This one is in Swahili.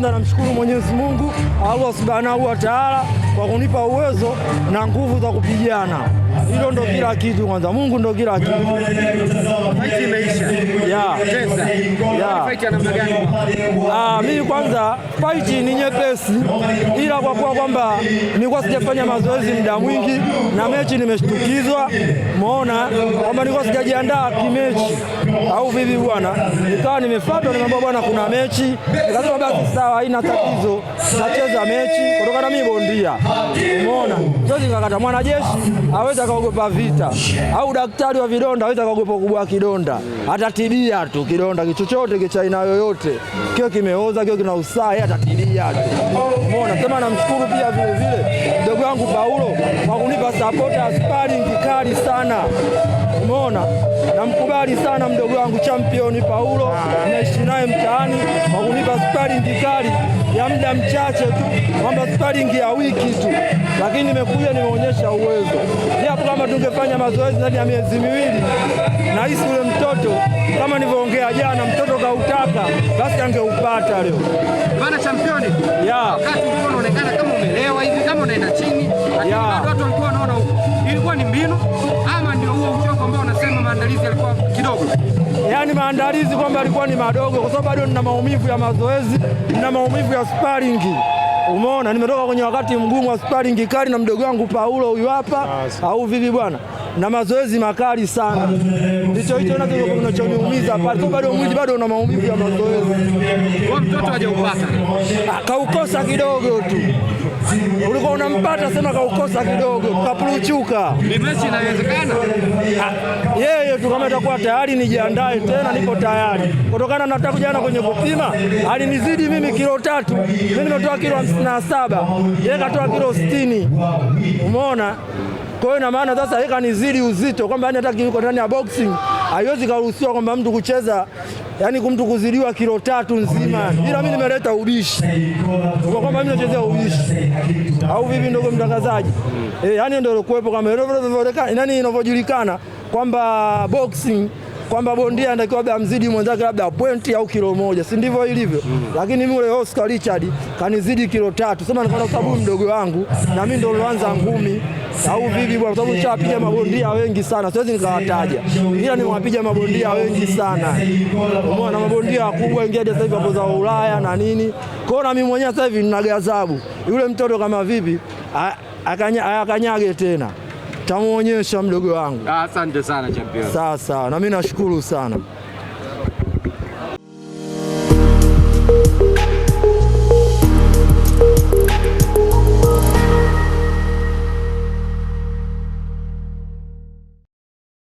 kwanza namshukuru Mwenyezi Mungu Allah Subhanahu wa Ta'ala kwa kunipa uwezo na nguvu za kupigana. Hilo ndo kila kitu kwanza, Mungu ndo kila kitu. Fight imeisha. Yeah. Yeah. Fight ya namna gani? Ah, mimi kwanza fight ni nyepesi, ila kwa kuwa kwamba nilikuwa sijafanya mazoezi muda mwingi na mechi nimeshtukizwa, muona kwamba nilikuwa sijajiandaa kimechi au vivi bwana, nikawa nimefuatwa, nimeambia bwana, kuna mechi, nikasema basi sawa, haina tatizo, nacheza mechi kutokana mimi bondia Umeona Jozi kakata, mwanajeshi hawezi akaogopa vita, au daktari wa vidonda hawezi akaogopa kubwa kidonda, atatibia tu kidonda kichochote kicha aina yoyote, kio kimeoza, kio kina usaa, yeye atatibia tu. Umeona, sema namshukuru pia vile mdogo yangu Paulo kwa kunipa sapoti ya sparingi kali sana umeona, namkubali sana mdogo wangu championi Paulo, naishi naye mtaani kwa kunipa sparingi kali ya muda mchache tu, kwamba sparingi ya wiki tu, lakini nimekuja nimeonyesha uwezo, japo kama tungefanya mazoezi ndani ya miezi miwili na hisi ule mtoto kama nilivyoongea jana, mtoto kautaka basi angeupata leo bana championi ya wakati unaonekana unasema maandalizi yalikuwa kidogo, yaani maandalizi kwamba yalikuwa ni madogo, kwa sababu bado nina maumivu ya mazoezi, nina maumivu ya sparingi. Umeona, nimetoka kwenye wakati mgumu wa sparingi kali na mdogo wangu Paulo huyu hapa, au vivi bwana, na mazoezi makali sana. Ndicho hicho kinachoniumiza pale, kwa bado mwili bado una maumivu ya mazoezi. Mtoto hajaupata, ah, kaukosa kidogo tu ulikuwa unampata sana, kaukosa kidogo, kapuluchuka. Ni mechi inawezekana yeye tu, kama atakuwa tayari nijiandae tena, niko tayari kutokana na tangu kwenye kupima alinizidi mimi kilo tatu, mimi natoa kilo hamsini na saba yeye katoa kilo sitini. Umeona? Kwa hiyo ina maana sasa yeye kanizidi uzito kwamba yani hata kiko ndani ya boxing Haiwezi karuhusiwa kwamba mtu kucheza yani kumtu kuzidiwa kilo tatu nzima, ila mimi nimeleta ubishi kwa kwamba mimi nachezea ubishi au vipi, ndogo mtangazaji? Mm. Eh, yani ndio kuwepo kama inavyojulikana kwamba boxing kwamba bondia anatakiwa labda amzidi mwenzake labda pointi au kilo moja, si ndivyo ilivyo? mm. Lakini mimi ule Oscar Richard kanizidi kilo tatu, sema nikaona sababu mdogo wangu na mimi ndo nilianza ngumi au vipi bwana, kwa sababu nishapiga mabondia wengi sana, siwezi nikawataja, ila nimewapiga mabondia wengi sana. Umeona mabondia wakubwa wengi hadi sasa hivi wapo za Ulaya na nini kwao, na mimi mwenyewe sasa hivi nina ghadhabu, yule mtoto kama vipi akanyage tena tamuonyesha mdogo wangu. Asante sana champion. Sawa sawa, na mimi nashukuru sana.